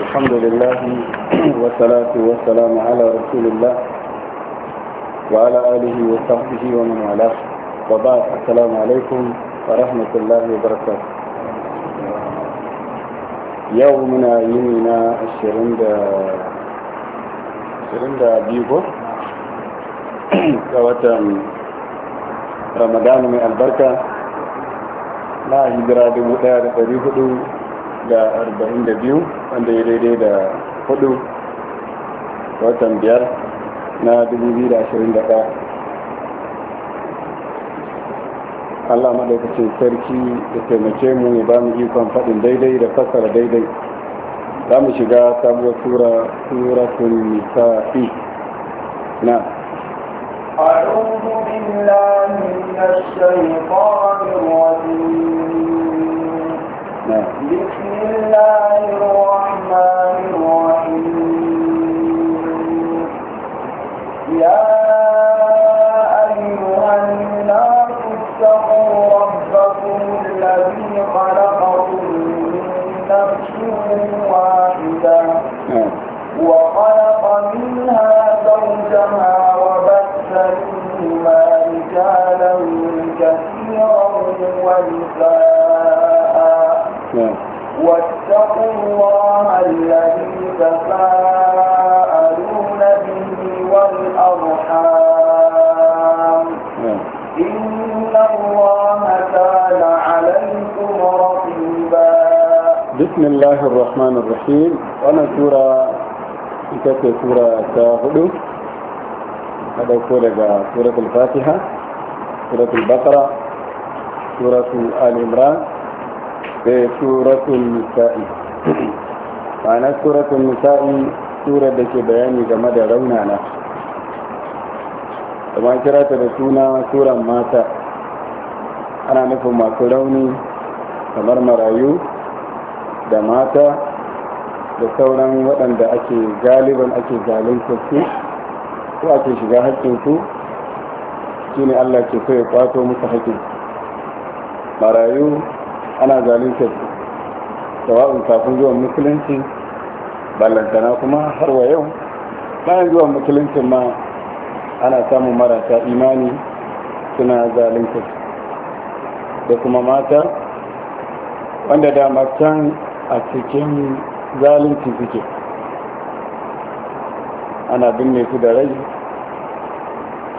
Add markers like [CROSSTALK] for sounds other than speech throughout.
الحمد لله والصلاة والسلام على رسول الله وعلى آله وصحبه ومن والاه وبعد السلام عليكم ورحمة الله وبركاته يومنا يومنا الشرين دا الشرين دا بيبو رمضان من البركة na hijira dubu ɗaya da ɗari hudu da arba'in da biyu wanda ya daidai da hudu watan biyar na dubu biyu da ashirin da ɗaya allah maɗaukacin sarki da taimake mu ya ba mu ikon faɗin daidai da fasara daidai za mu shiga sabuwar tura suratun nisa'i na أعوذ بالله من الشيطان الرجيم بسم ونساء نعم. واتقوا الله الذي تساءلون به والأرحام نعم. إن الله كان عليكم رقيبا بسم الله الرحمن الرحيم وانا سورة كتابة سورة ta هذا a سورة الفاتحة سورة البقرة suratu al-imran da suratu nisa'i ma'ana suratu nisa'i surar da ke bayani game da raunana kuma kira ta da suna suran mata ana nufin masu rauni kamar marayu da mata da sauran waɗanda ake galiban ake zalunta su ko ake shiga haƙƙinsu shi ne allah ke so ya kwato musu haƙƙinsu marayu ana zalunta su tawa'un kafin zuwan musulunci ballantana kuma har wa yau bayan zuwan musuluncin ma ana samun marasa imani suna zalunta su da kuma mata wanda da can a cikin zalunci suke ana binne su da rai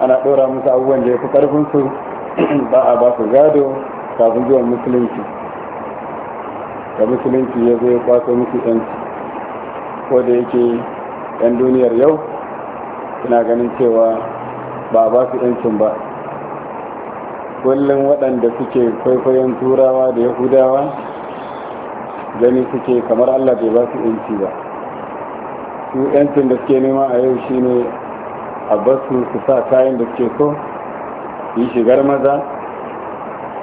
ana ɗora musu abubuwan da ya fi ƙarfinsu [CLEARS THROAT] ba a ba su gado kafin zuwa musulunci da musulunci ya zo ya kwaso musu yanci ko da yake yan duniyar yau suna ganin cewa ba ba su yancin ba kullum waɗanda suke kwaikwayon turawa da yahudawa gani suke kamar allah bai ba su yanci ba su yancin da suke nema a yau shine a basu su sa kayan da suke so yi shigar maza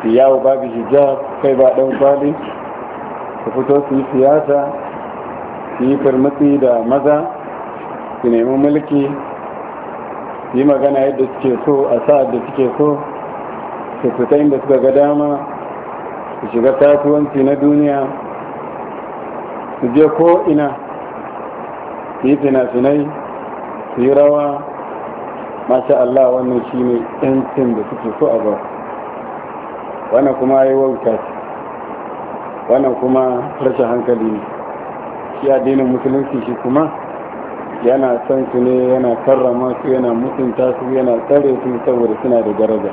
su yawo babu hijab kai ba dan kwali su fito su yi siyasa su yi firmitsi da maza su nemi mulki su yi magana yadda suke so a sa'ad da suke so su fita inda suka ga dama su shiga tatuwanci na duniya su je ko'ina su yi fina-finai su yi rawa masha Allah wannan shi ne 'yancin da suke so a ba wannan kuma ya yi wauta wannan kuma rashin hankali ne shi addinin musulunci shi kuma yana son su ne yana karrama su yana mutunta su yana tsare su saboda suna da daraja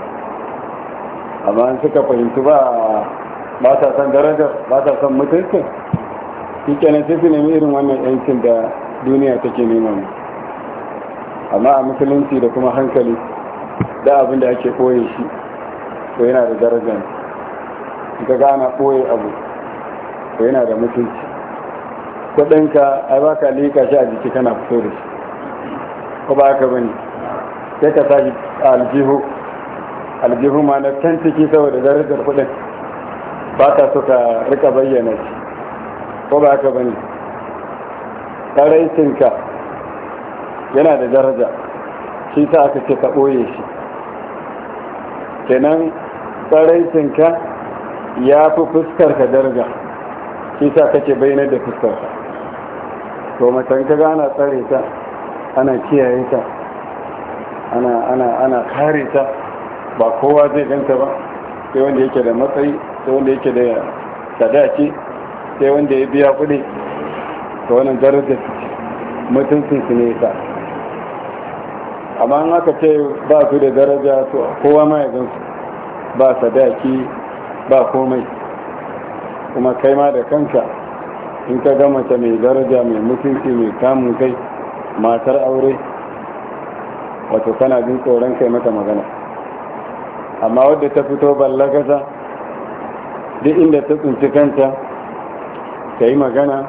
amma an suka fahimci ba ba sa son daraja ba sa son mutuncin shi kenan sai su nemi irin wannan yancin da duniya take nema mu amma a musulunci da kuma hankali da abin da ake koye shi to yana da darajar ga gana ɓoye abu to yana da mutunci kudinka ai ba ka lika shi a jiki kana fito da shi ko ba ka bane sai ka sa aljihu aljihu ma na can ciki saboda darajar kudin ba ka so ka rika bayyana shi ko ba ka bane karaitinka yana da daraja shi ta aka ce ka ɓoye shi kenan tsaraitinka ya fi fuskarka darga shi ce kake na da fuskarka to macen ka gana tsare ta ana kiyaye ta ana kare ta ba kowa zai ganta ba sai wanda yake da matsayi sai wanda yake da sadaki sai wanda ya biya kuɗi ta wani darajar mutuncin su ne ta amma an aka ce ba su da daraja to kowa ma ya gansu ba sadaki ba komai kuma kai ma da kanka in ka gama ta mai daraja mai mutunci mai kamun kai matar aure wato kana jin tsoron kai mata magana amma wadda ta fito ballagasa duk inda ta tsinci kanta ta yi magana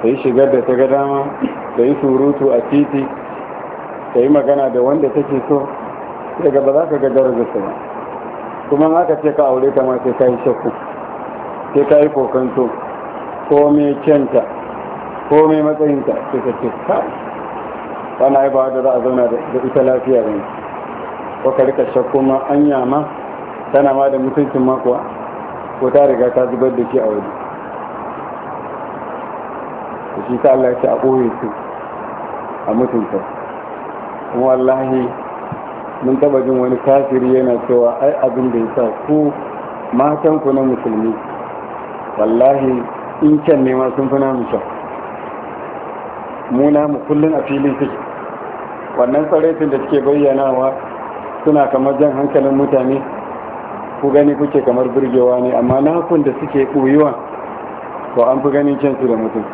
ta yi shigar da ta ga dama ta yi surutu a titi ta yi magana da wanda take so daga ba za ka ga darajarsa ba kuma aka ce ka aure ta ma sai ka yi shakku sai ka yi kokanto ko mai kyanta ko mai matsayinta sai ka ce ka ana yi ba da za a zauna da ita lafiya ne ko ka rika shakku ma anya ma tana ma da mutuncin makuwa ko ta riga ta zubar da shi a waje shi ta Allah ya ce a ɓoye su a mutunta kuma wallahi mun taba jin wani kafiri yana cewa ai abin da yasa ku matan ku na musulmi wallahi in can ne ma sun fi namu can mu kullun a filin suke wannan tsaraitin da suke bayyanawa suna kamar jan hankalin mutane ku gani kuke kamar burgewa ne amma nakun da suke ɓoyuwa to an fi ganin su da mutum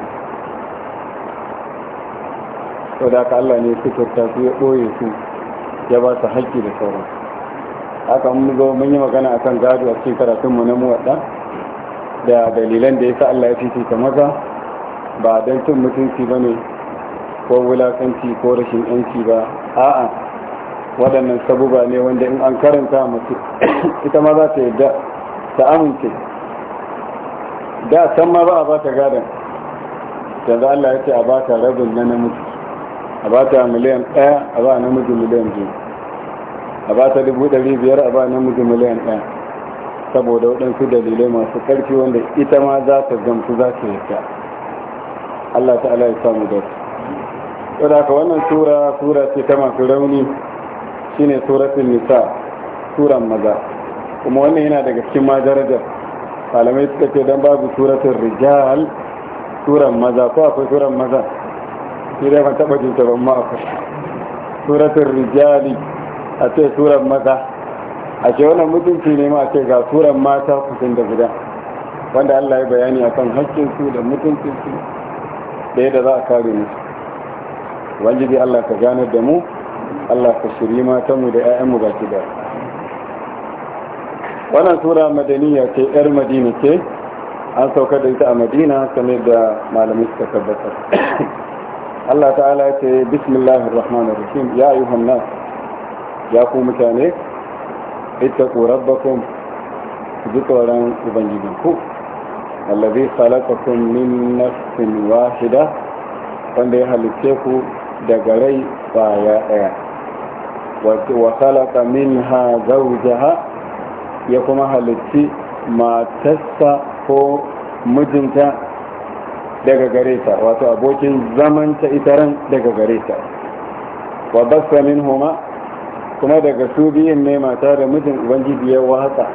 sau da ka Allah ne suturta su ya ɓoye su ya ba su haƙƙi da sauran haka mun zo mun yi magana a kan gado a cikin karatun mu na muwadda da dalilan da ya sa Allah ya ta maza ba don cin mutunci ba ne ko wulakanci ko rashin yanci ba a'a waɗannan sabuba ne wanda in an karanta mutu [COUGHS] ita ma za ta yadda ta amince da san ma ba a ba ta gadon yanzu Allah ya ce a ba ta rabin na namiji a ba ta miliyan ɗaya a ba namiji miliyan biyu a ba ta dubu ɗari biyar a ba namiji miliyan ɗaya saboda waɗansu dalilai masu ƙarfi wanda ita ma za ta gamsu za ta yadda Allah ta'ala ya samu da su da haka wannan tura tura ce ta masu rauni shine suratul nisa suran maza kuma wannan yana daga cikin ma darajar malamai suka ce dan babu suratul rijal suran maza ko akwai suran maza sai dai ban taɓa jin ta ban ma akwai suratul rijali a ce suran maza a ce wannan mutunci ne ma a ce ga suran mata kusan da guda wanda Allah ya bayani akan hakkin su da mutuncin su da yadda za a kare musu wajibi Allah ka ganar da mu Allah ka shiri mu da mu baki da wannan sura madaniya ce 'yar madina ce an saukar da ita a madina kamar da malamai suka tabbatar Allah ta'ala ya ce bismillahir rahmanir rahim ya ayyuhan nas ya ku mutane ittaqu rabbakum ji tsoron ubangijinku allazi khalaqakum min nafsin wahida wanda ya halitte ku daga rai baya daya wa khalaqa minha zawjaha ya kuma halitti matarsa ko mijinta daga gare ta wato abokin zaman ta ita ran daga gare ta wa min homa, kuma daga su biyun ne mata da mijin ubangiji ya watsa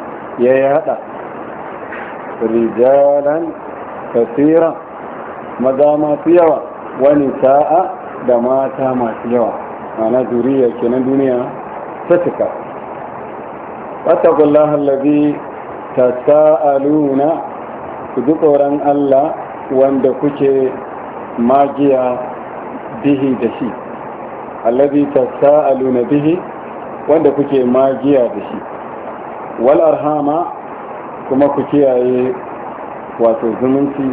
ya yada rijalan kasira maza masu yawa wani sa'a da mata masu yawa mana zuriya kenan duniya ta cika wata kullahar labi ta sa'aluna su ji tsoron allah wanda kuke magiya bihi da shi allazi tasaaluna bihi wanda kuke magiya da shi wal arhama kuma ku kiyaye wato zumunci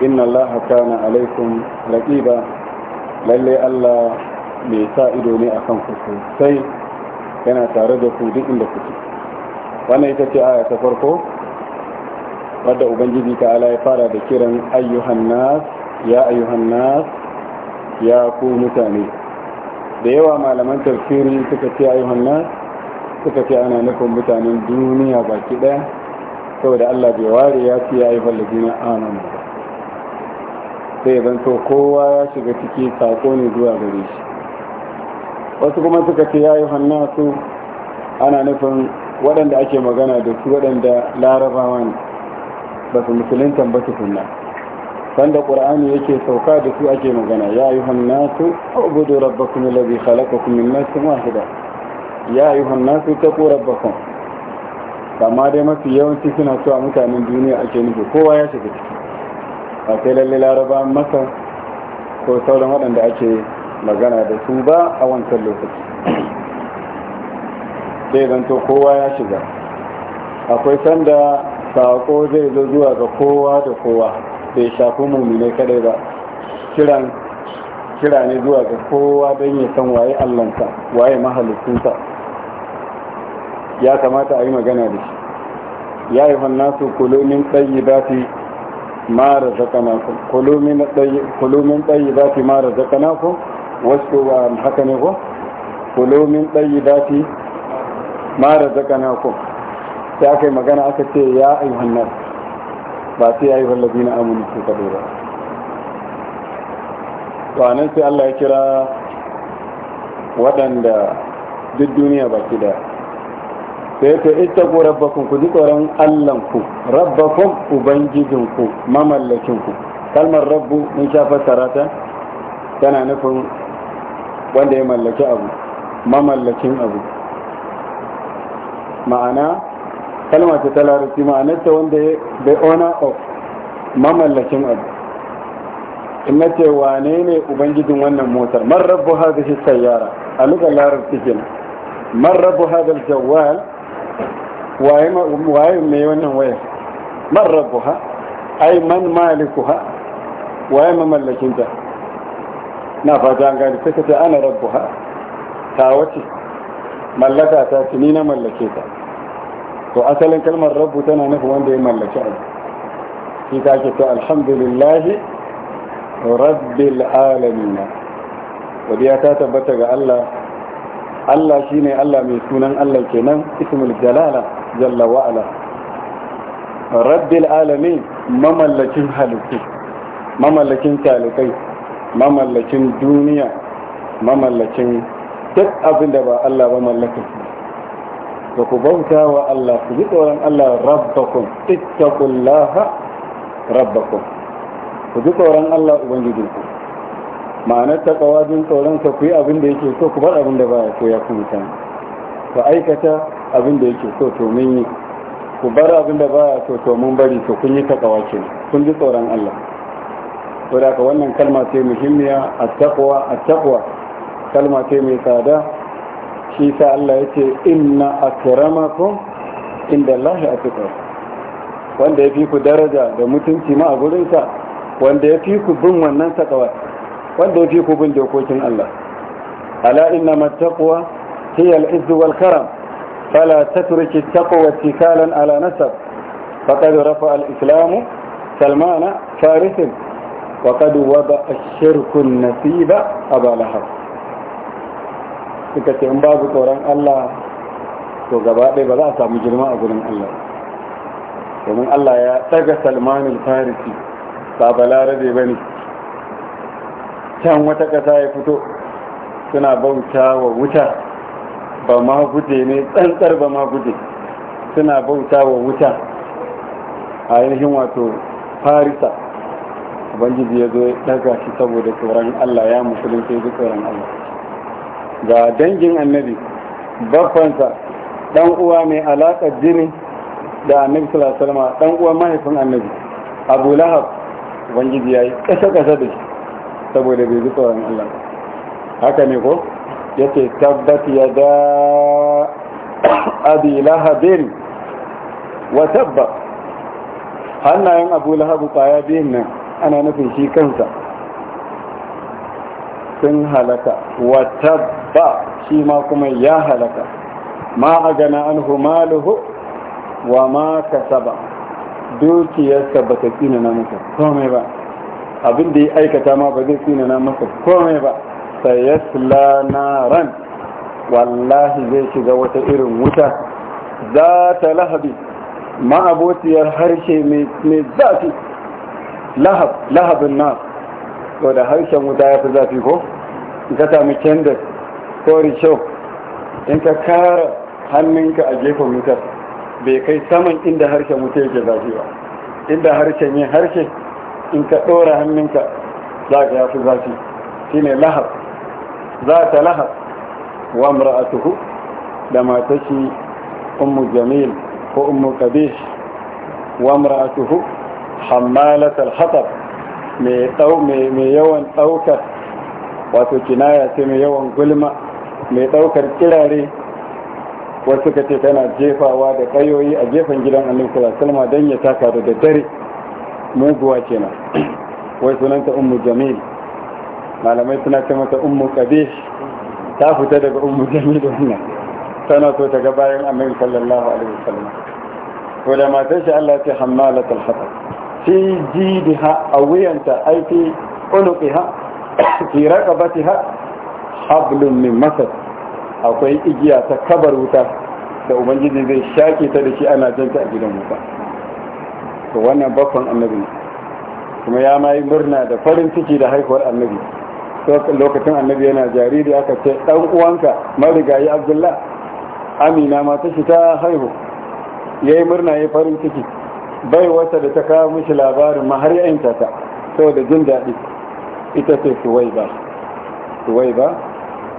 inna allaha kana alaikum raqiba lalle Allah mai sa ido ne akan ku sosai yana tare da ku duk inda kuke wannan ita ce aya ta farko wadda ubangiji ala ya fara da kiran ayyuhan nas ya ayyuhan nas ya ku mutane da yawa malaman tafsiri suka ce ayyuhan nas suka ce ana nufin mutanen duniya baki daya saboda Allah bai ware ya ce ya ayyuhan ladina amanu sai zanto kowa ya shiga ciki sako ne zuwa gare shi wasu kuma suka ce ya ayyuhan nasu ana nufin waɗanda ake magana da su waɗanda larabawa ne ba su musulunta ba su sunna wanda qur'ani yake sauka da su ake magana ya ayyuhan nasu ubudu rabbakum alladhi khalaqakum min nafsin wahida ya ayyuhan nasu taqu rabbakum amma dai mafi yawanci suna a mutanen duniya ake nufi kowa ya shiga ciki ba sai lalle laraba masa ko sauran waɗanda ake magana da su ba a wancan lokaci sai zanto kowa ya shiga akwai sanda sako zai zo zuwa ga kowa da kowa bai shafi mummune kadai ba kira ne zuwa ga kowa don ya san waye allansa waye mahalicinsa ya kamata a yi magana da shi ya yi hannu nasu kulomin tsayi ba fi mara zakanakun kulomin tsayi ba fi mara zakanakun wasu haka ne ko kulomin tsayi ba fi mara zakanakun sai aka yi magana aka ce ya ayyuhan nas ba sai ya yi wallazi na amini su kaɗo ba to a nan sai allah ya kira waɗanda duk duniya ki da sai ta ita ku rabbakun ku ji tsoron allanku rabbakun ubangijinku mamallakinku kalmar rabbu mun sha fassara ta tana nufin wanda ya mallaki abu mamallakin abu ma'ana kalma ce ta larabci ma'anarta wanda ya bai owner of mamallakin abu in na ce wane ne ubangijin wannan motar man rabu shi sayyara a lukar larabci kenan man rabu hadhal jawal waye mai wannan waya man rabbuha ai man ha waye mamallakin ta na fata an gani ta ce ana rabbuha ta wace mallaka ta ni na mallake ta to asalin kalmar rabu tana nufi wanda ya mallaki abu shi ta ke to alhamdulillahi rabbil alamina ya ta tabbata ga Allah Allah ne Allah mai sunan Allah kenan ismul jalala jalla wa'ala rabbil alamin mamallakin halittu mamallakin talibai mamallakin duniya mamallakin duk abin da ba Allah ba mallakin da ku bauta wa Allah ku ji tsoron Allah rabbakum ittaqullaha rabbakum ku ji tsoron Allah ku ma'ana ta kawajin tsoron ka ku yi abin da yake so ku bar abin da baya so ya ku mutan ku aikata abin da yake so to mun yi ku bar abin da baya so to mun bari to kun yi ta ke kun ji tsoron Allah saboda ka wannan kalma ce muhimmiya at-taqwa at-taqwa kalma ce mai tsada shi sa Allah ya ce inna akramakum inda Allah atqakum wanda ya fi ku daraja da mutunci ma a gurinsa wanda ya fi ku bin wannan takawa wanda ya fi ku bin dokokin Allah ala inna mattaqwa hiya al-izz wal karam fala tatrik at-taqwa tikalan ala nasab faqad rafa al-islam salmana farisin وقد وضع الشرك النسيب أبا لهب suka ce in babu tsoron Allah to gaba ɗaya ba za a samu girma a gurin Allah domin Allah ya ɗaga salmanin farisi ba balarabe ba ne can wata ƙasa ya fito suna bauta wa wuta ba ma guje ne tsantsar ba ma guje suna bauta wa wuta a ainihin wato farisa ubangiji ya zo ya ɗaga shi saboda tsoron Allah ya musulunci ya tsoron Allah ga dangin annabi babbansa dan uwa mai alaƙar jini da annabi sallallahu alaihi wasallam dan uwa mahaifin annabi abu lahab ubangiji yayi kasa kasa da shi saboda bai ji tsoron Allah haka ne ko yace tabbat da [COUGHS] abi lahabin wa tabba hannayen abu Lahab kwaya biyun nan ana nufin shi kansa sun halaka wata ba shi ma kuma ya halaka ma a gana an humaluhu wa ma kasaba dukiyarsa ba ta tsina na masa komai ba abin da ya aikata ma ba zai na masa komai ba sai ya ran wallahi zai shiga wata irin wuta za ta lahabi ma'abociyar harshe mai zafi lahab lahabin nasu to da harshen wuta ya fi zafi ko in ka sami kendir ko risho in ka kara hannunka a gefen wutar bai kai saman inda harshen wuta yake zafi ba inda harshen yin harshe in ka ɗora hannunka za ka yafi zafi shi ne lahab za ta lahab wa mura'atuhu da matashi ummu jamil ko ummu kabish wa mura'atuhu hammalatal hatab mai yawan daukar wato kinaya ce mai yawan gulma mai daukar kirare wasu ka ce tana jefawa da kayoyi a gefen gidan annabi sallallahu alaihi don ya taka da daddare muguwa kenan [CLEARS THROAT] wai sunanta ummu jamil malamai suna ce mata ummu qabish ta fita daga ummu jamil wannan tana so ta ga bayan annabi sallallahu alaihi wasallam ko da matar shi Allah ya ce hammalatul hatab fi ha a wuyanta aiki fi unuqiha fi ha Hablun min Masar akwai igiya ta kabar wuta da ubangiji zai shake ta da shi ana janta a gidan wuta to wannan bakon annabi kuma ya yi murna da farin ciki da haihuwar annabi lokacin annabi yana jariri aka ce dan uwanka marigayi abdullah amina ta shi ta haihu yayi murna yayi farin ciki bai wata da ta kawo mishi labarin ma har yayinta ta saboda jin daɗi ita ce suwai ba suwai ba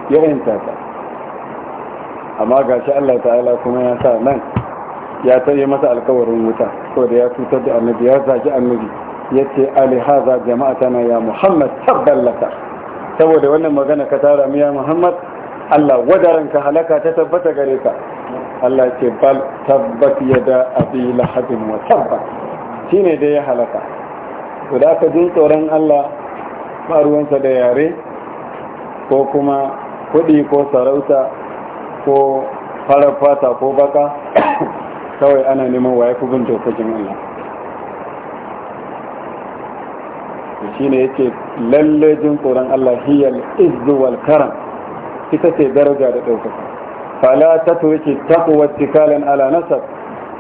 yayinta ta amma ga shi Allah ta'ala kuma ya sa nan ya tare masa alkawarin wuta saboda ya cutar da annabi ya zaki annabi ya ce alihaza jama'atana ya muhammad tabballaka saboda wannan magana ka tara mu ya muhammad Allah wadaranka halaka ta tabbata gare ka Allah ce bal tabbat yada abi lahabin wa tabbat shine dai ya halaka to da aka jin tsoron Allah ba ruwansa da yare ko kuma kuɗi ko sarauta ko farar ko baka [COUGHS] kawai ana neman waye ku bin dokokin Allah ne yake lalle jin tsoron Allah hiyal izzu wal karam ita ce daraja da ɗaukaka fala tatwiki taqwa tikalan ala nasab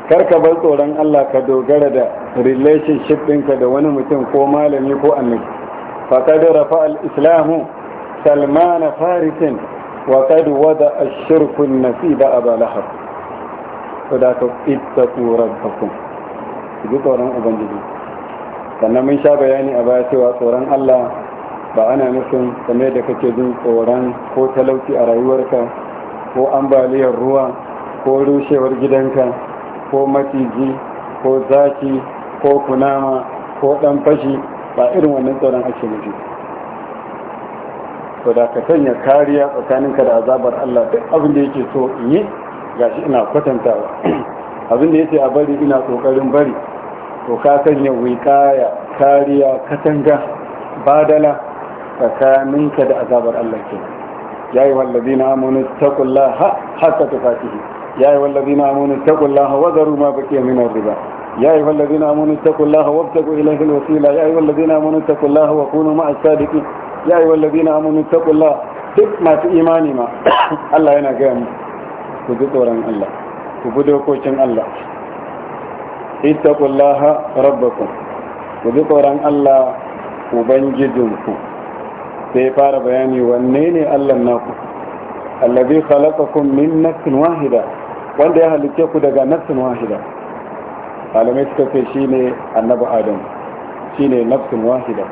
karka bar tsoron Allah ka dogara da relationship ɗinka da wani mutum ko malami ko annabi faqad rafa al-islamu salman farisin wa qad wada ash-shirku an-nasiba aba lahab sadaka tsoron rabbakum ji tsoron ubangiji sannan mun sha bayani a baya cewa tsoron Allah ba ana nufin game da kake jin tsoron ko talauci a rayuwarka ko ambaliyar ruwa ko rushewar gidanka ko maciji ko zaki ko kunama ko dan fashi ba irin wannan tsoron ake nufi to da ka sanya kariya tsakaninka da azabar Allah duk abin da yake so in yi gashi ina kwatantawa [CLEARS THROAT] abin da yake a bari ina kokarin bari to ka sanya wikaya kariya katanga badala tsakaninka da azabar Allah kenan yayi wallazi na amonu taƙullaha haka tufatihi yayi wallazi na amonu taƙullaha wazaru ma baki ya minar riba yayi wallazi na amonu taƙullaha wabtaku ilahil wasila yayi wallazi na amonu taƙullaha wa kunu ma asadiki yayi wallazi na amonu taƙullaha duk masu imani ma [COUGHS] allah yana gaya mu ku ji tsoron allah ku bi dokokin allah ittaqullaha rabbakum ku ji tsoron allah ubangijinku sai ya fara bayani wanne ne Allah naku allazi khalaqakum min nafsin wahida wanda ya halicce ku daga nafsin wahida malamai suka ce shine annabi adam shine nafsin wahida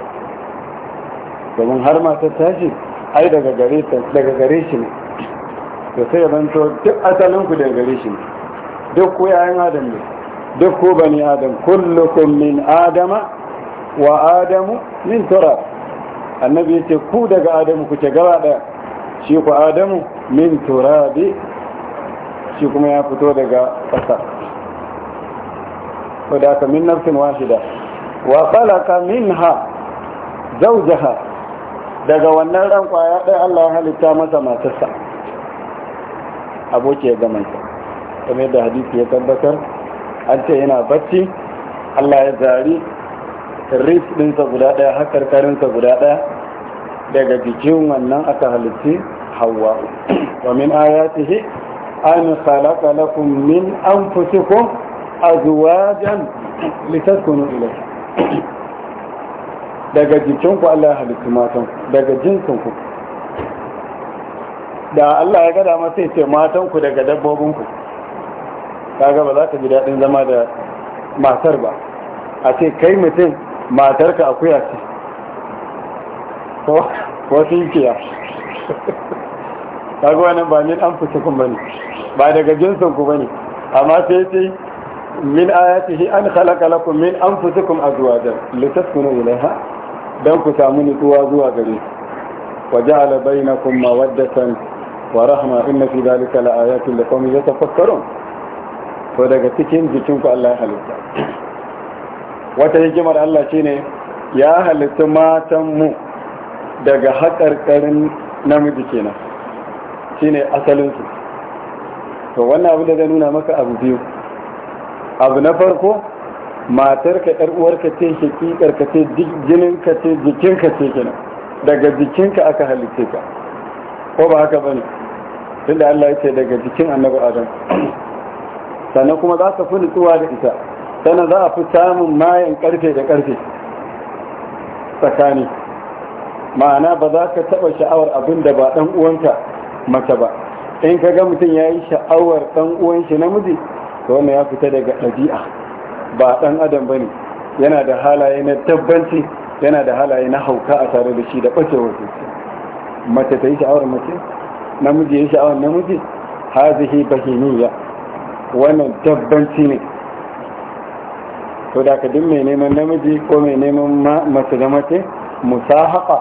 domin har ma ta tashi ai daga gare ta daga gare shi ne to sai ya zanto duk asalin ku daga gare shi ne duk ku yayin adam ne duk ku bani adam kullukum min adama wa adamu min turab annabi ya ce ku daga adamu kuke gaba da shi ku adamu min turabi shi kuma ya fito daga ƙasa wadda aka min nafsin washida wa falaka minha zaujaha daga wannan ran kwaya ɗaya Allah ya halitta masa matarsa aboki ya gama ta kamar yadda hadisi ya tabbatar an ce yana bacci Allah ya zari ris ɗinsa guda ɗaya hakarkarinsa guda ɗaya daga jikin wannan aka halitti hawa wa min ayatihi an khalaqa lakum min anfusikum azwajan litaskunu ilayhi daga ku Allah ya halitti matan daga ku da Allah ya gada masa ya ce matanku daga dabbobin ku kaga ba za ka ji daɗin zama da matar ba a ce kai mutum matarka a ce ko tinkiya kaga wannan ba min an fita kuma ne ba daga jinsin kuma ne amma sai ce min shi an khalaqa lakum min anfusikum azwajan ne ilaiha don ku samu nutsuwa zuwa gare wa kuma wadda san wa rahma inna fi da kuma liqaumin yatafakkarun ko daga cikin jikinku Allah ya halitta wata hikimar Allah shine ya halittu matanmu daga haƙarƙarin namiji kenan shine asalinsu to wannan abu da zai nuna maka abu biyu abu na farko matarka ɗar uwarka ce ka ce jininka ce jikinka ce kenan daga jikinka aka halitta ka ko ba haka ba ne tun da Allah ya ce daga jikin annabu Adam sannan kuma za ka fi nutsuwa da ita sana za a fi samun mayan karfe da karfe tsakani ma'ana ba za ka taɓa sha'awar abin da ba ɗan uwanka mace ba in ka ga mutum ya yi sha'awar ɗan uwan shi namiji to wannan ya fita daga ɗabi'a ba ɗan adam ba ne yana da halaye na tabbanci yana da halaye na hauka a tare da shi da ɓacewar wasu mace ta yi sha'awar mace namiji ya yi sha'awar namiji hazihi bahimiyya wannan tabbanci ne to da ka duk mai neman namiji ko mai neman mace da mace musahaqa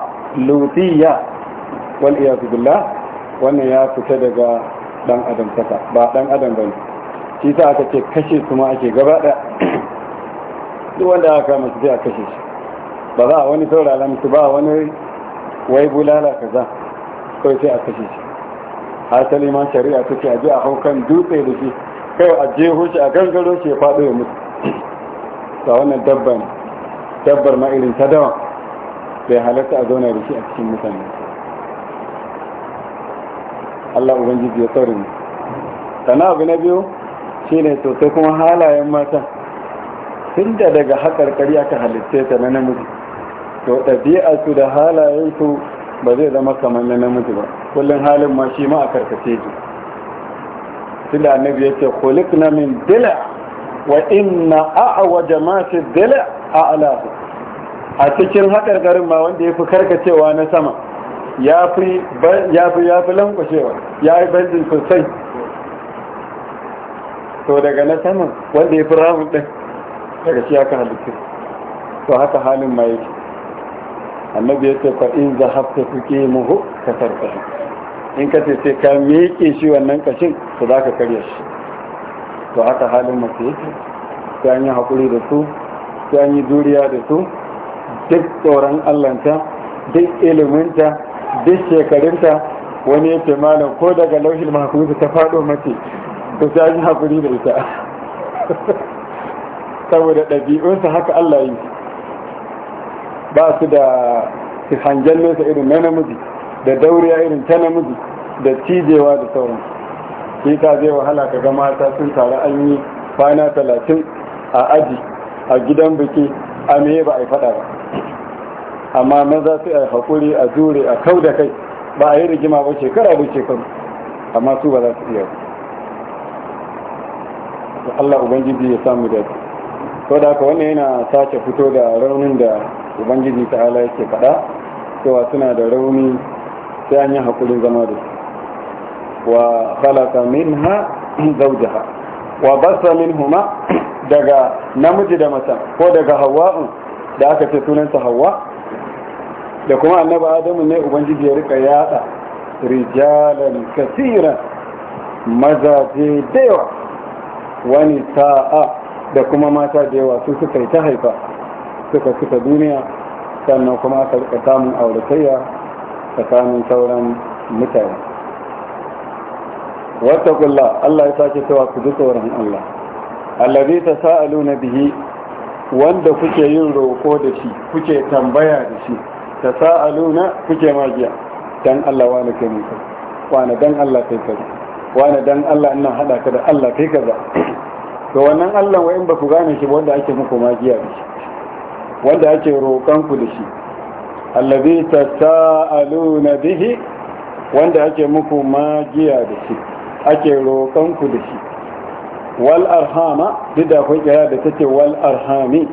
lutiya wal iyadu billah wannan ya fita daga dan adam kasa ba dan adam bane shi ta aka ce kashe su ma ake gaba da duk wanda aka masu su sai a kashe shi ba za a wani sauraron su ba wani wai bulala kaza ko sai a kashe shi hasali ma shari'a ta ce a je a hau kan dutse da shi kai a jeho shi a gangaro shi ya faɗo ya mutu ga wannan dabban dabbar ma irin ta dawa bai halatta a zauna da shi a cikin mutane Allah ubangiji ya tsare mu sana abu na biyu shine sosai kuma halayen mata tun da daga haƙarƙari aka halitta ta na namiji to ɗabi'arsu da halayensu ba zai zama kamar na namiji ba kullum halin ma shi ma a karkace su tun da annabi ya ce kulik na min dila wa inna a'waja ma fi dala a'lahu a cikin haɗar garin ma wanda ya fi karkacewa na sama yafi yafi yafi lankwashewa yi banjin sosai to daga na sama wanda ya fi ramun ɗin daga shi aka halittu to haka halin ma yake annabi ce fa in suke muhu ka tarkahu in ka ce sai ka meke shi wannan kashin za ka karya shi to haka halin mace yake sai an yi haƙuri da su sai an yi duriya da su duk tsoron allanta duk iliminta duk shekarunta wani ya ce malam ko daga laushin mahakuzi ta faɗo mace to sai an yi haƙuri da ita [LAUGHS] saboda ɗabi'unsa haka allah yi ba su da hangen nesa irin na namiji da dauriya irin ta namiji da cijewa da sauransu sai ka zai wahala ka ga mata sun taru an yi kwana talatin a aji a gidan biki a meye ba a yi fada ba amma maza sai a haƙuri a jure a kau da kai ba a yi rigima ba shekara ba shekaru amma su ba za su iya ba Allah Ubangiji ya samu da sau da haka wannan yana sace fito da raunin da Ubangiji ta'ala yake faɗa cewa suna da rauni sai an yi haƙurin zama da su وخلق منها زوجها وبص منهما دغا نمجي دمتا ko daga hawa'u da aka ce sunansa hawa da kuma annabi adamu ne ubangiji ya rika yada rijalan kasira mazaje da yawa wani sa'a da kuma mata da yawa su suka yi ta haifa suka suka duniya sannan kuma aka rika samun auratayya tsakanin sauran mutane واتقوا الله الله يساكي سوى كدوك ورحم الله الذي تساءلون به wanda kuke yin roƙo da shi kuke tambaya da shi ta sa'aluna kuke magiya dan Allah wani kai mun kai wani dan Allah kai kaza wani dan Allah ina hada ka Allah kai kaza to wannan Allah wa in ba ku gane shi wanda ake muku magiya da shi wanda ake ku da shi bihi wanda ake muku magiya da shi ake roƙonku da shi wal arhama duk da akwai kira da take wal arhami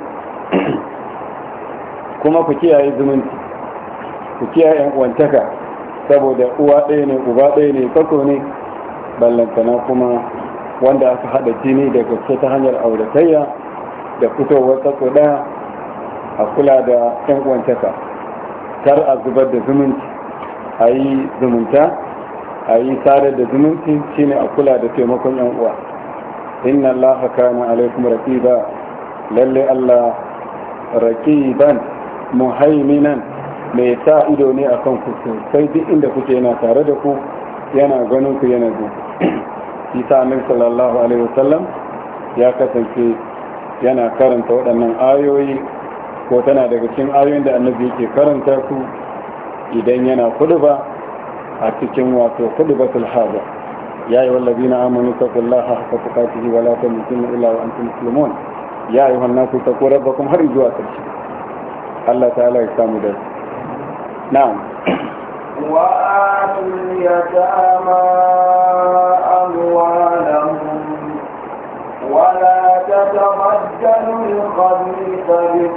[CLEARS THROAT] kuma ku kiyaye zumunci ku kiyaye yan uwantaka saboda uwa ɗaya ne uba ɗaya ne kako ne ballantana kuma wanda aka haɗa jini da gaske ta hanyar auratayya da fitowar tsako ɗaya a kula da yan uwantaka kar a zubar da zumunci a yi zumunta a yi da zumunci shine a kula da taimakon yan uwa inna allaha kana alaikum raqiba lalle allah raqiban muhaiminan mai sa ido ne akan ku sai duk inda kuke yana tare da ku yana ganin ku yana zo isa amin sallallahu alaihi wasallam ya kasance yana karanta waɗannan ayoyi ko tana daga cikin ayoyin da annabi yake karanta ku. idan yana kudu ba أكتم واتو قلبة الحاجة يا أيها الذين آمنوا تقوا الله حق تقاته ولا تمتن إلا وأنتم مسلمون يا أيها الناس تقوا ربكم هر جواك الشيء الله تعالى يستعمل ذلك نعم وآتوا اليتامى أموالهم ولا تتبدلوا الخبيث بالطيب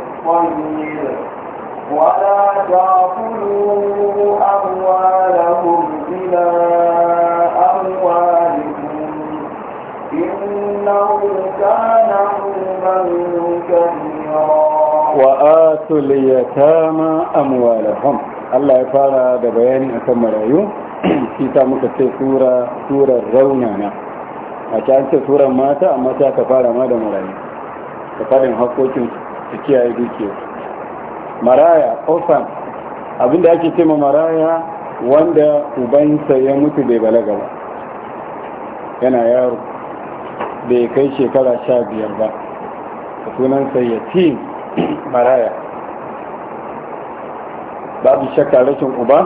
ولا تأكلوا أموالهم إلى أموالكم إنه كان كبيرا وآتوا اليتامى أموالهم Allah ya fara da bayani akan marayu shi ta muka ce sura surar raunana a can ce surar mata amma ta ka fara ma da marayu faɗin hakokin su kiyaye dukiyarsu maraya ofan, abinda ake ce ma maraya wanda ubansa ya mutu bai balaga ba yana yaro bai kai shekara sha biyar ba a sunansa sayyati [CLEARS THROAT] maraya babu shakka rashin uba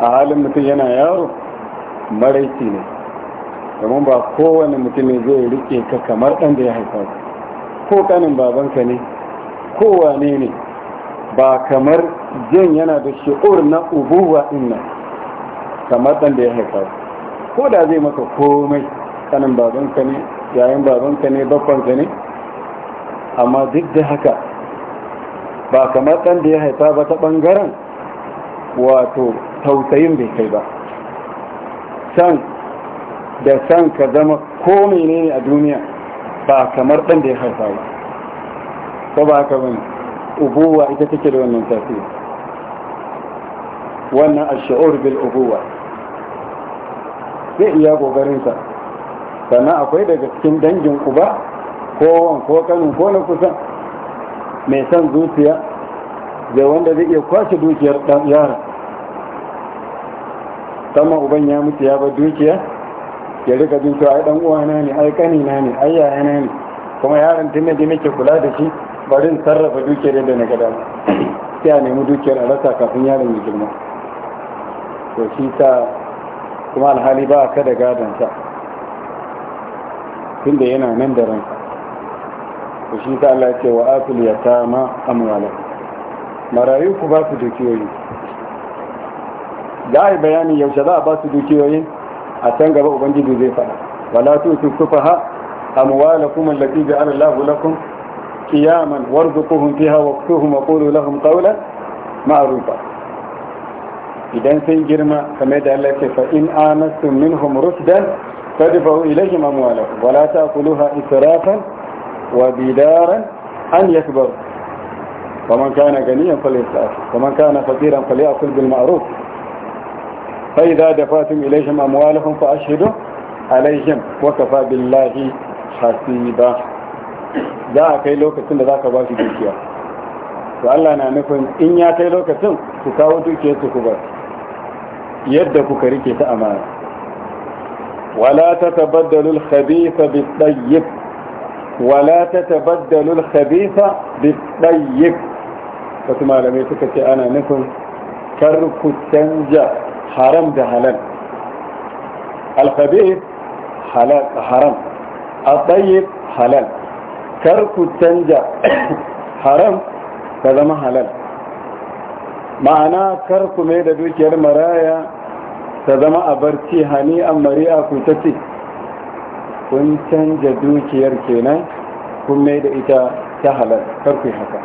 a halin mutum yana yaro maraici ne domin ba kowane mutum ne zai rike ka kamar ɗan da ya haifa ko kanin babanka ne kowane ne ba kamar jin yana da shi'ur na ubuwa inna kamar ɗan da ya haifar ko da zai maka komai tsanin babanka ne yayin babanka ne babbanka ne amma duk da haka ba kamar ɗan da ya haifa ba ta ɓangaren wato tausayin bai kai ba san da san ka zama komai ne a duniya ba kamar ɗan da ya haifa ba ko ba haka bane ubuwa ita take da wannan tasiri wannan ash'ur bil ubuwa zai iya kokarinsa sannan akwai daga cikin dangin uba ko ko kanin ko na kusan mai son zuciya zai wanda zai iya kwashe dukiyar dan yara sama uban ya mutu ya bar dukiya ya rika jin to ai dan uwana ne ai kanina ne ai na ne kuma yaron tun da nake kula da shi barin sarrafa dukiyar yadda na gada sai a nemi dukiyar a rasa kafin yaron ya girma to shi ta kuma alhali ba ka da sa. tunda yana nan da ranka to shi ta Allah ce wa asul ma amwala marayu ku ba su dukiyoyi da ai bayani yaushe za a ba su dukiyoyi a can gaba ubangiji zai faɗa wala tu kuma amwalakum allati an Allahu lakum قياما وارزقهم فيها وقتهم وقولوا لهم قولا معروفا إذن سيجرم كما يدعل لك فإن آمستم منهم رشدا فادفعوا إليهم أموالهم ولا تأكلوها إسرافا وبدارا أن يكبروا ومن كان غنيا فليستعف ومن كان فقيرا فليأكل بالمعروف فإذا دفعتم إليهم أموالهم فأشهدوا عليهم وكفى بالله حسيبا za a kai lokacin da za ka ba shi dukiya to Allah na nufin in ya kai lokacin ku kawo dukiyar su ku bar yadda kuka rike ta amana wala ta al-khabitha bit-tayyib wala ta al-khabitha bit-tayyib wasu malamai suka ce ana nufin kar ku canja haram da halal al-khabith halal haram at-tayyib halal kar ku canja [COUGHS] haram ta zama halal ma'ana kar ku mai da dukiyar maraya ta zama a barci hani an mari'a ku ta kun canja dukiyar kenan kun mai da ita ta halal kar haka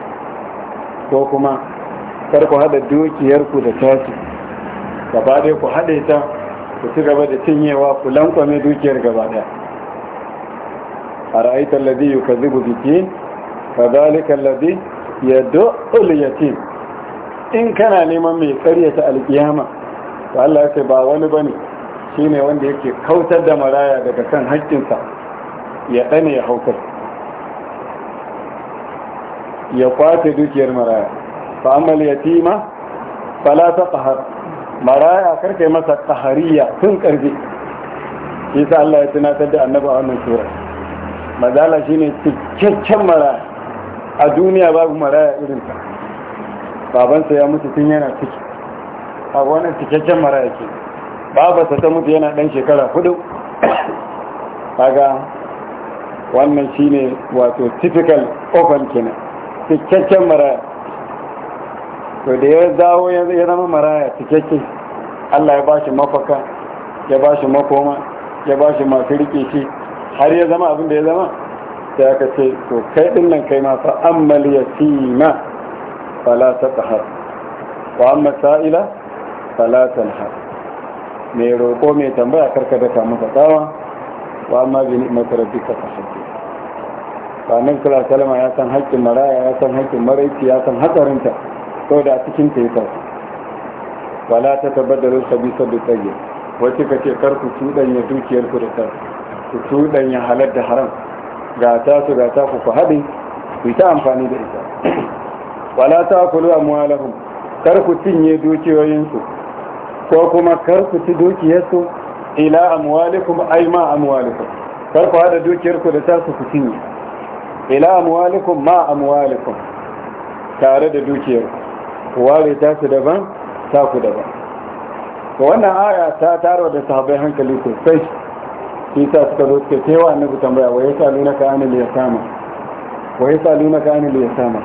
ko kuma kar ku hada dukiyar ku da tasu gaba dai ku haɗe ta ku ci gaba da cinyewa ku lankwame dukiyar gaba daya أرأيت الذي يكذب بالدين فذلك الذي يدعو اليتيم in kana neman mai karyata alkiyama to Allah ya ce ba wani bane shine wanda yake kautar da maraya daga kan haƙƙinsa ya dane ya haukar ya kwace dukiyar maraya fa amal yatima fala taqhar maraya karkai masa qahariya tun karfi sa Allah ya tunatar da annabi a wannan sura mazala ne cikakken mara a duniya babu maraya irinta babansa ya mutu tun yana ciki a wani cikakken maraya ke babarsa ta mutu yana ɗan shekara hudu kaga wannan shi ne wato typical open kina cikakken maraya to da ya zawo ya zama maraya cikakke Allah ya ba shi mafaka ya ba shi makoma ya ba shi masu rike shi har ya zama abin da ya zama sai aka ce to kai din nan kai ma fa ammal yatima fala ta tahar wa amma sa'ila fala tanhar mai roƙo mai tambaya karka da samu fatawa wa amma bi ni'mat rabbika fahaddith nan kula salama ya san haƙƙin maraya ya san haƙƙin maraici ya san hatsarinta ko da a cikin ta ya karfi wala ta tabbatar sabi sabi tsaye wacce ka ce karku cuɗanya dukiyarku da karfi su cuɗanya halar da haram ga ta su ga ta ku ku haɗe ku ta amfani da ita wala ta kulu amwalahum kar ku cinye dukiyoyinsu ko kuma kar ku ci dukiyarsu ila amwalikum ai ma amwalikum kar ku haɗa dukiyarku da tasu ku cinye ila amwalikum ma amwalikum tare da dukiyar ku ware tasu daban taku daban wannan aya ta taro da sahabbai hankali sosai shi ta suka zo suka cewa annabi tambaya wa yasa luna ka liya sama wa yasa luna ka liya sama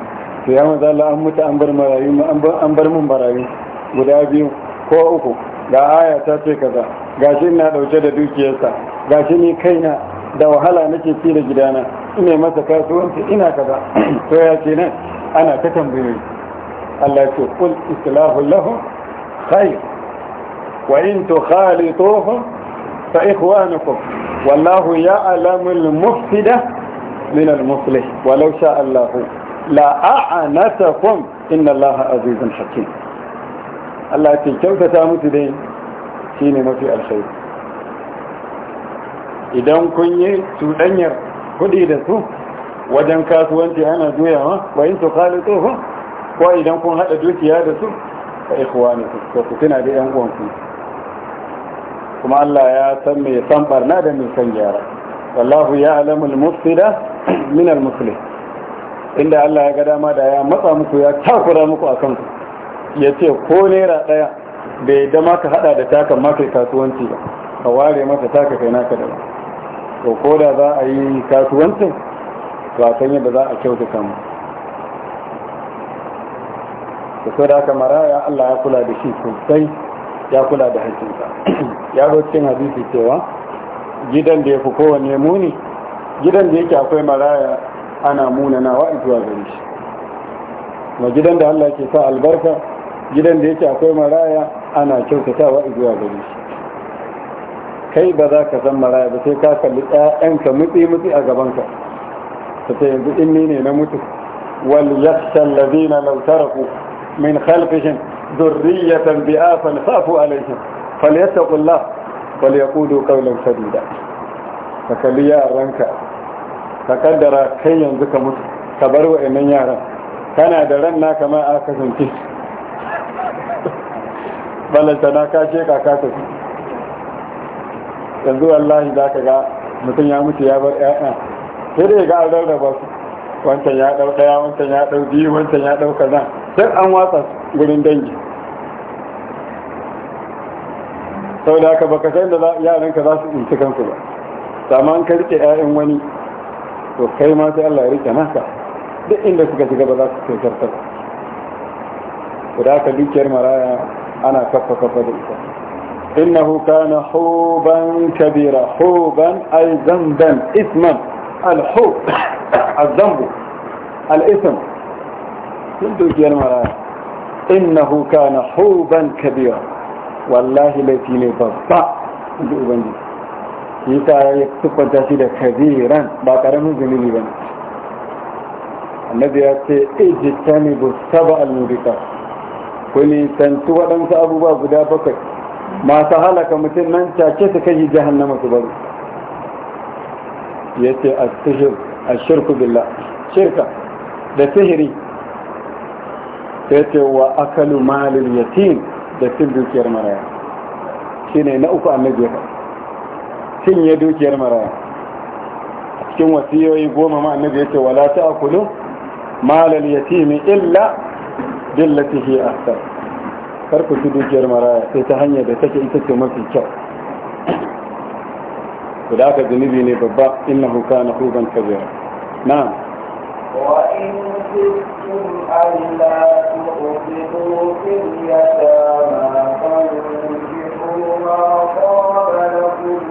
to ya manzo Allah an mutu an bar marayu an bar mun marayu guda biyu ko uku ga aya ta ce kaza gashi ina dauke da dukiyarsa gashi ni kaina da wahala nake ci da gidana ina masa kasuwanci ina kaza [CLEARS THROAT] to ya ce nan ana ta tambayoyi Allah ya ce kul islahu lahu khair wa in tukhaliduhum fa ikhwanukum wallahu ya'lamu al-mufsida min al-muslih walau sha'a Allah la a'anatakum inna Allah azizun hakim Allah ya kyautata musu dai mafi alkhairi idan kun yi cuɗanyar kuɗi da su wajen kasuwanci ana juyawa bayan su kali tsohon ko idan kun haɗa dukiya da su ka ikuwa ne su tuna da 'yan uwanku kuma Allah ya san mai san barna da mai san gyara wallahu ya alamul mufsida min al muslim inda Allah ya ga dama da ya matsa muku ya takura muku a ku ya ce ko naira daya bai da ma ka hada da taka ma kai kasuwanci ba ka ware mata taka kai naka da to ko da za a yi kasuwancin to a san yadda za a kyautata mu da so da haka maraya Allah ya kula da shi sosai ya kula da haƙƙinsa ya zo cikin hadisi cewa gidan da ya fi kowane muni gidan da yake akwai maraya ana munanawa zuwa gare shi ma gidan da Allah ke sa albarka gidan da yake akwai maraya ana kyautatawa zuwa gare shi kai ba za ka san maraya ba sai ka kalli ɗayanka mutsi-mutsi a gabanka ta ce yanzu in ne na mutu wal yakhsha allazina law taraku min khalfihim ذُرِّيَّةً بِآفًا خَافُوا عَلَيْهِمْ فليتقوا اللَّهَ وَلْيَقُولُوا قَوْلًا سَدِيدًا فكلي يارنك فقدر كَيْ يَنْزُكَ مت كبروا إن يَارَ كان درنا كما آكسن كيس balantana ka ce kaka ta su yanzu wallahi za يَا ga mutum ya mutu ya bar 'ya'ya sai dai wancan ya dau daya wancan ya ɗau biyu wancan ya dau kaza duk an watsa gurin dangi sau da haka baka san da yaranka za su tsinci kansu ba sama an karke 'ya'yan wani to kai ma sai Allah ya rike naka duk inda suka shiga ba za su cutar ta ku da haka dukiyar maraya ana kafa kafa da ita innahu kana huban kabira huban ay zamban isman alhu azambu al'isim sun dukiyar maraya innahu kana huban kabira wallahi laifi ne babba inda ubangiji shi ta ya tukwanta shi da kabiran ba karamin zunubi ba ne annabi ya ce ijitani bu saba al-mubika ku nisanci waɗansu abubuwa guda bakwai masu halaka mutum nan take su kai jahannama su bari ya ce a sihir a shirku billah shirka da sihiri ya ce wa akalu malin yatim da cin dukiyar maraya shi ne na uku annabi ya cinye dukiyar maraya cikin wasiyoyi goma ma annabi ya ce wala ta akulu malal yatim illa billati hi ahsan kar ku ci dukiyar maraya sai ta hanyar da take ita ce mafi kyau ku da aka zunubi ne babba innahu kana huban kabira وإن خفتم ألا تقسطوا في اليتامى ما طاب لكم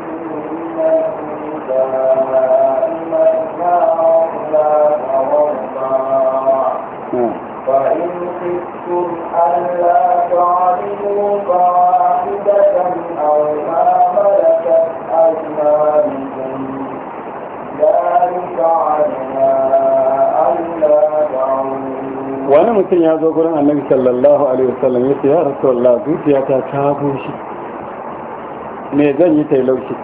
فإن خفتم ألا تعدلوا wani mutum ya zo gudun annabi sallallahu alaihi wasallam ya ce ya rasulullah zuciya ta ta bushe me zan yi tailaushi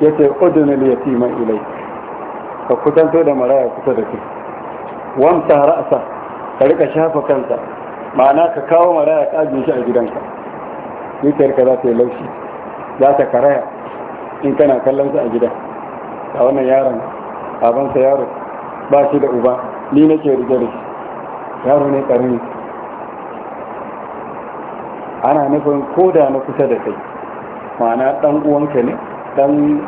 ya ce udunul yatima ilai ka kusanto da maraya kusa da ke wamsa ra'asa ka rika shafa kansa ma'ana ka kawo maraya ka ajin shi a gidanka zuciyar ka za ta yi laushi za ta karaya in kana kallon su a gida a wannan yaron babansa yaro ba shi da uba ni nake ke rigar shi yaro ne karni ana nufin koda na kusa da kai ma'ana dan uwanka ne dan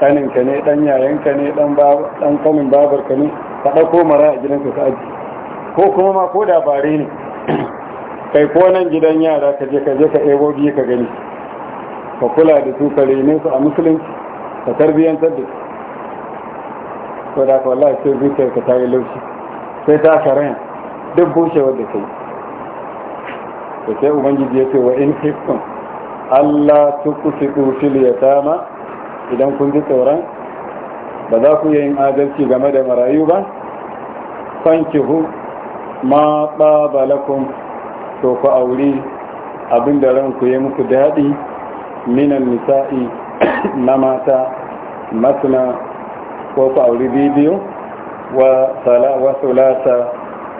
kaninka ne dan yayanka ne dan kanin babarka ne ka ɗauko mara a gidanka ka aji ko kuma ma koda bare ne [CLEARS THROAT] kai ko nan gidan yara ka je ka je ka ebo biyu ka gani ka kula da su ka su a musulunci ka tarbiyyantar da su ko da ka wallahi sai zuciyar ka ta yi laushi sai ta karaya duk bushewar da kai da sai ubangiji ya ce wa in hifkun allah tukusiku fil yatama idan kun ji tsoron ba za ku yin adalci game da marayu ba fankihu ma balakun to ku auri abin da ran ku yi muku daɗi minan nisa'i na mata masana ko ku auri biyu wa sulasa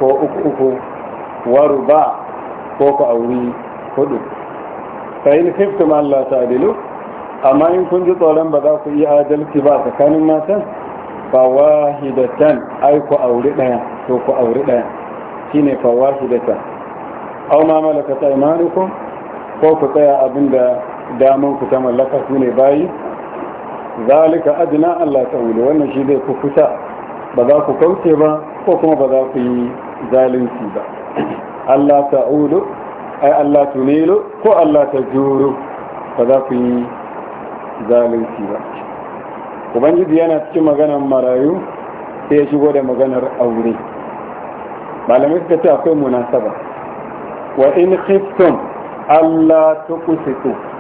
ko uku uku wa ruba ko ku auri hudu fa'in khiftum Allah ta'dilu amma in kun ji tsoron ba za ku iya adalci ba tsakanin matan fa wahidatan ai ku auri daya ko ku auri daya shine fa wahidatan aw ma malakat aymanukum ko ku tsaya abinda daman ku ta mallaka su ne bayi zalika adna Allah ta'ala wannan shi zai kufuta ba za ku kauce ba ko kuma ba za ku yi zalunci ba Allah ta'ulu ay Allah tunilu ko Allah ta juru ba za ku yi zalunci ba ubangiji yana cikin maganar marayu sai ya shigo da maganar aure malamai suka ce akwai munasaba wa in khiftum Allah tuqsitu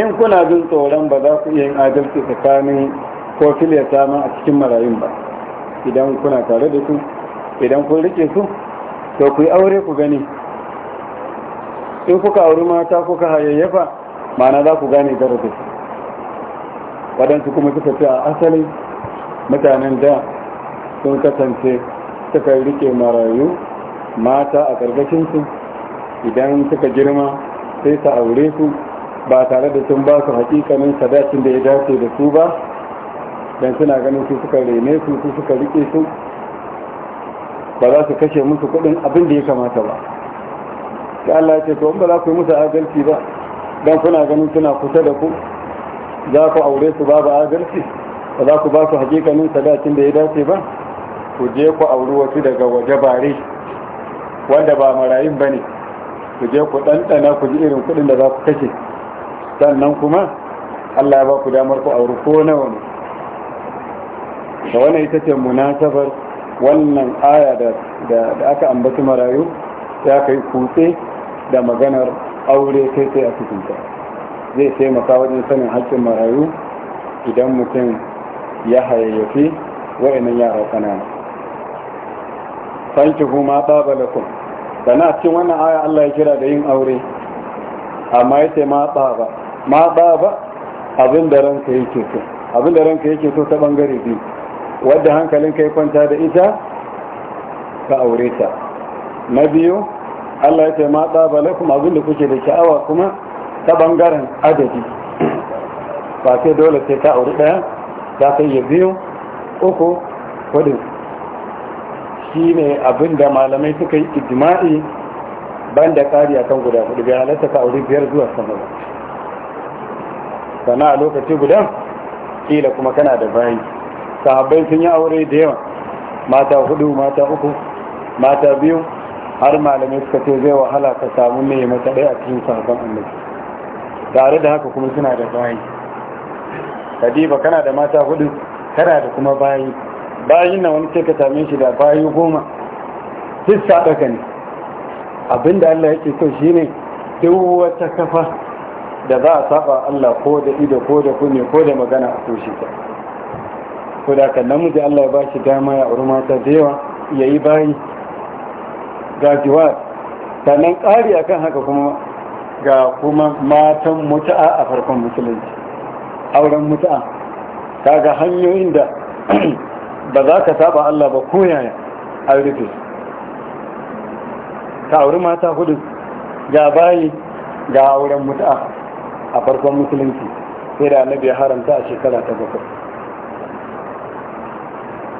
in kuna jin tsoron ba za ku iya yin adalci tsakanin ko filiya sama a cikin marayun ba idan kuna tare da su idan kun rike su to ku yi aure ku gani in kuka auri mata kuka hayayyafa ma'ana za ku gane darajar su waɗansu kuma suka ce a asali mutanen da sun kasance suka rike marayu mata a ƙarƙashinsu idan suka girma sai su aure su ba tare da sun ba su hakikanin sadakin da ya dace da su ba don suna ganin su suka rene su su suka rike su ba za su kashe musu kudin abin da ya kamata ba ta Allah ya ce to ba za ku yi musu adalci ba don suna ganin suna kusa da ku za ku aure su ba adalci ba za ku ba su hakikanin sadakin da ya dace ba ku je ku auri wasu daga waje bare wanda ba marayun ba ne ku je ku ɗanɗana ku ji irin kuɗin da za ku kashe sannan kuma Allah ya ba ku damar ku auri ko nawa ne da wannan ita ce munasabar wannan aya da aka ambaci marayu ya kai kutse da maganar aure kai sai a cikin ta zai taimaka wajen sanin haƙƙin marayu idan mutum ya hayayyafi wa'annan yara ƙanana sanki kuma tsaba lakum sana cikin wannan aya Allah ya kira da yin aure amma ya ce ma tsaba ma ba ba abin da ranka yake so abin da ranka yake so ta bangare biyu wadda hankalin kai kwanta da ita ka aure ta na biyu Allah ya ce ma ba ba lakum abin da kuke da sha'awa kuma ta bangaren adadi ba sai dole sai ka aure daya ta kai ya biyu uku hudu shi ne abin da malamai suka yi ijima'i ban da kari akan guda hudu bai halatta ka aure biyar zuwa sama ba sana a lokaci gudan kila kuma kana da bayi sahabbai sun yi aure da yawa mata hudu mata uku mata biyu har malamai suka ce zai wahala ka samu mai mata ɗaya a cikin sahabban annabi tare da haka kuma suna da bayi kadiba kana da mata hudu kana da kuma bayi bayin na wani ce ka same shi da bayi goma duk sadaka ne abinda Allah yake so shine duk wata kafa da za a saba Allah ko da ido ko da kunne ko da magana a toshe ta ko da kan namiji Allah ya bashi dama ya auri mata da yawa ya yi bayi ga jiwar sannan ƙari akan haka kuma ga kuma matan mutu'a a farkon musulunci auren mutu'a kaga hanyoyin da [CLEARS THROAT] ba za ka saba Allah ba ko yaya a rufe ka auri mata hudu ga bayi ga auren mutu'a a farkon musulunci sai da annabi ya haramta a shekara ta bakwai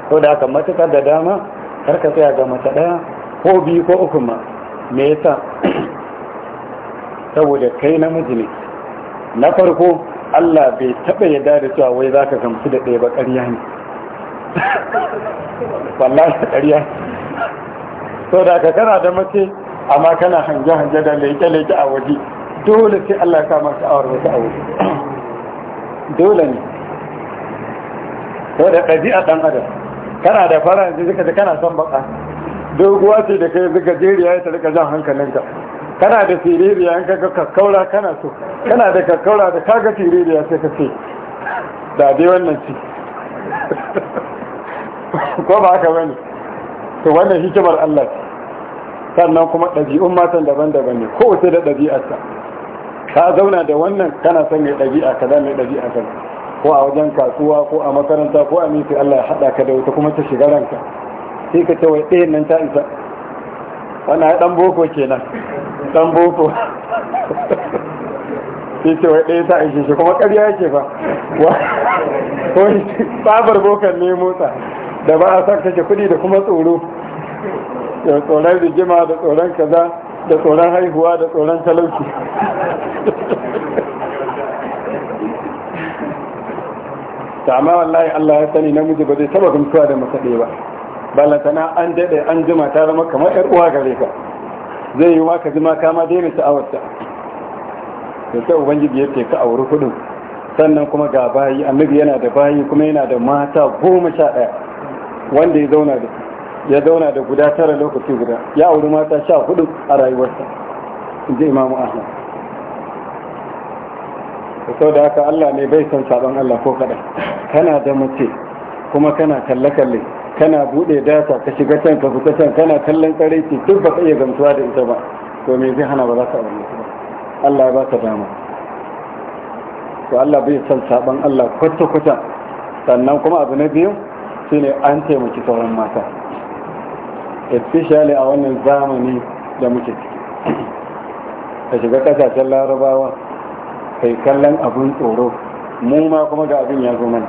ko da aka matukar da dama kar ka tsaya ga mace ɗaya ko biyu ko uku ma me yasa saboda kai namiji ne na farko Allah bai taɓa yadda da cewa wai za ka gamsu da ɗaya ba ƙarya ne wallahi ƙarya so da ka kana da mace amma kana hange-hange da leke-leke a waje dole sai Allah ka masu awar wata aure dole ne saboda ɗabi'a ɗan adam kana da fara yanzu zika da kana son baka doguwa ce da kai zika jeriya ya tarika jan hankalinka kana da siririya in ga kakkaura kana so kana da kakkaura da kaga siririya sai ka ce da dai wannan ci [LAUGHS] ko ba haka bane to wannan hikimar Allah sannan kuma ɗabi'un matan daban-daban ne kowace da ɗabi'arsa ka zauna da wannan kana son mai ɗabi'a kaza mai ɗabi'a kaza ko a wajen kasuwa ko a makaranta ko a miti Allah ya haɗa ka da wata kuma ta shiga ranka sai ka ce ɗaya nan ta isa wannan ya ɗan boko kenan ɗan boko [LAUGHS] sai ce wai ɗaya ta aishe shi kuma ƙarya yake fa wani tsabar bokan ne motsa da ba a san kashe kuɗi da kuma tsoro da tsoron rigima da tsoron kaza da tsoron haihuwa da tsoron talauci ta amma wallahi Allah ya sani namiji ba zai taba gamsuwa da mace ba balantana an daɗe an jima ta zama kamar yar uwa gare ka zai yi maka jima kama daina sha'awarta da sai ubangiji ya ce ka auri hudu sannan kuma ga bayi annabi yana da bayi kuma yana da mata goma sha ɗaya wanda ya zauna da su ya zauna da guda tara lokaci guda ya auri mata sha hudu a rayuwarsa in ji imamu ahmad da sau da haka allah ne bai son sabon allah ko kaɗan kana da mace kuma kana kalle-kalle kana buɗe data ka shiga can ka fita can kana kallon tsaraici duk ba ka iya gamsuwa da ita ba to me zai hana ba za ka abu ba allah ya ba ka dama to allah bai son sabon allah kwata-kwata sannan kuma abu na biyu shine an taimaki sauran mata especially a wannan zamani da muke ciki ka shiga kasashen larabawa kai kallon abin tsoro mu ma kuma ga abin ya zo mana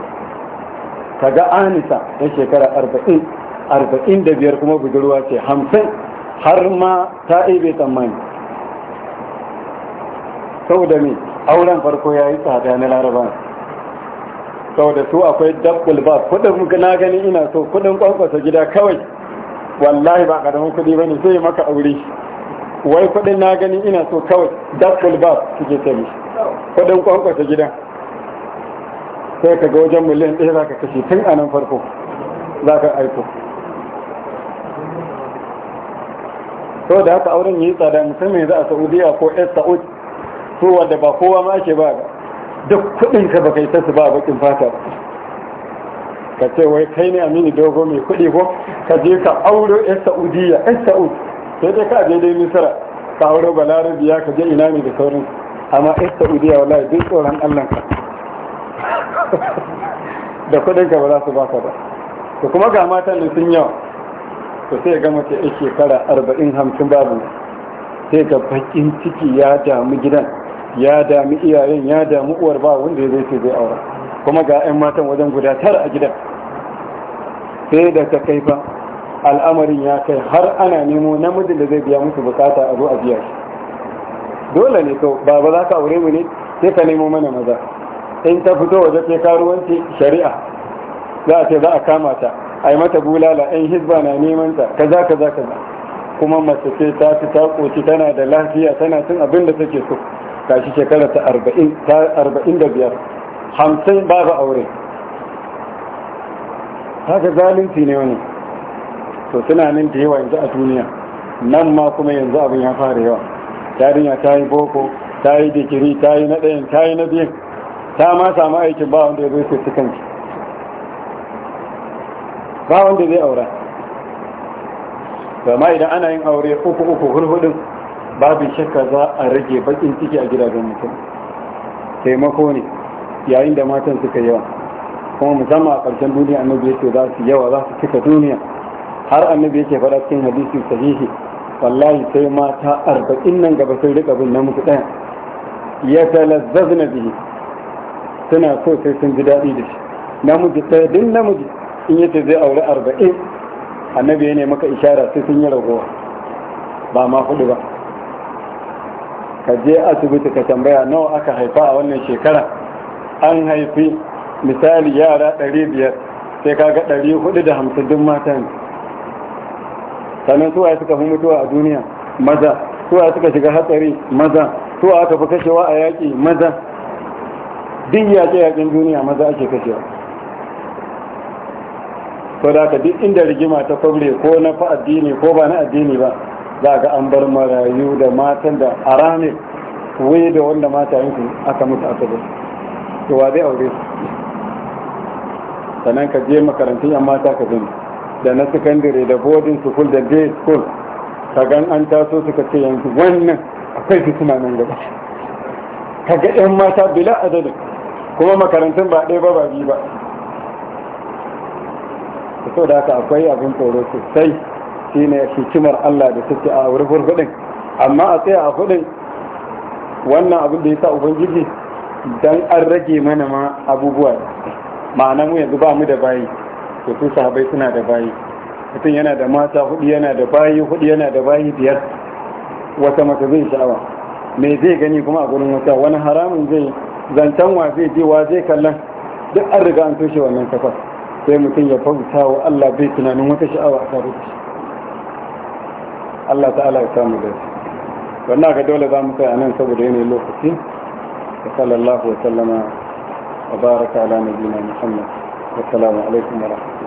ka ga anisa ta shekara arba'in arba'in da biyar kuma budurwa ce hamsin har ma ta ibe tsammani sau da me auren farko ya yi tsada na laraba da su akwai dabbul ba kudin na gani ina so kudin kwankwasa gida kawai wallahi ba karamin kuɗi bane zai maka aure wai kuɗin na gani ina so kawai dakul ba suke ce mishi kuɗin kwankwasa gidan sai ka ga wajen miliyan ɗaya za ka kashe tun a nan farko za ka aiko to da haka auren yi tsada musamman yanzu a saudiya ko yar sa'ud su wanda ba kowa ma ake ba duk kuɗin ka ba kai ta su ba bakin fata ba ka ce wai kai ne amini dogo mai kuɗi ko ka je ka auro yan saudiya yan sa'ud sai dai ka je dai misira ka auro balarabiya ka je ina ne da saurin amma yan saudiya wallahi duk tsoron allah ka da kuɗin ka ba za su baka ba to kuma ga matan da sun yawa to sai ga mace yan shekara arba'in hamsin babu sai ga bakin ciki ya damu gidan ya dami iyayen ya dami uwar ba wanda zai ce zai aura kuma ga 'yan matan wajen guda tara a gidan sai da ta kai fa al'amarin ya kai har ana nemo namijin da zai biya musu bukata a zo a biya shi dole ne to ba ba za ka aure mu ne sai ka nemo mana maza in ta fito waje sai karuwanci shari'a za a ce za a kama ta a yi mata bulala 'yan hizba na neman ta kaza kaza kaza kuma mace ce ta fi ta koci tana da lafiya tana cin abin da take so ta shi shekara ta arba'in da biyar hamsin babu aure haka zalunci ne wani to suna nan da yawa yanzu a duniya nan ma kuma yanzu abin ya fara yawa yarinya ta yi boko ta yi digiri ta yi na ɗayan ta yi na biyan ta ma samu aikin ba wanda ya sai su kanki ba wanda zai aura ba ma idan ana yin aure uku uku hulhudin babu shakka za a rage bakin ciki a gidajen mutum taimako ne yayin da matan suka yawa kuma musamman a ƙarshen duniya annabi yake za su yawa za su cika duniya har annabi yake faɗa cikin hadisi sahihi wallahi sai mata arba'in nan gaba sai rika bin su ɗaya ya na bihi suna so sai sun ji daɗi da shi namiji ɗaya din namiji in yace zai aure arba'in annabi ya ne maka ishara sai sun yi ragowa ba ma hudu ba ka je asibiti ka tambaya nawa aka haifa a wannan shekara an haifi misali yara 500 sai kaga 450 duk mata ne sannan suwaye suka fi mutuwa a duniya maza suwaye suka shiga hatsari maza suwa aka fi kashewa a yaƙi maza duk yaƙe yaƙin duniya maza ake kashewa ko da ka duk inda rigima ta kwabre ko na fa addini ko ba na addini ba za ga an bar marayu da matan da a rane waye da wanda mata yanku aka mutu a bar to wa zai aure sannan ka je makarantun yan mata ka zama da na sakandare da boarding school da day school ka gan an taso suka ce yanzu wannan akwai su suna nan gaba ka ga yan mata bila adadin kuma makarantun ba ɗaya ba ba biyu ba so da haka akwai abin tsoro sosai shine hikimar Allah da take a wurin hudin amma a tsaya a hudin wannan abu da ya sa ubangiji dan an rage mana ma abubuwa ma'ana mu yanzu ba mu da bayi to su sahabai suna da bayi mutum yana da mata hudu yana da bayi hudu yana da bayi biyar wata mata zai sha'awa me zai gani kuma a gurin wata wani haramun zai zancen wa zai je wa zai kallon duk an riga an toshe wannan kafa, sai mutum ya fahimta wa Allah bai tunanin wata sha'awa a tare da shi Allah ta'ala ya samu da shi wannan ka dole za mu kai a nan saboda yanayin lokaci da sallallahu wa sallama wa baraka ala nabiyina muhammad wa alaikum wa rahmatullahi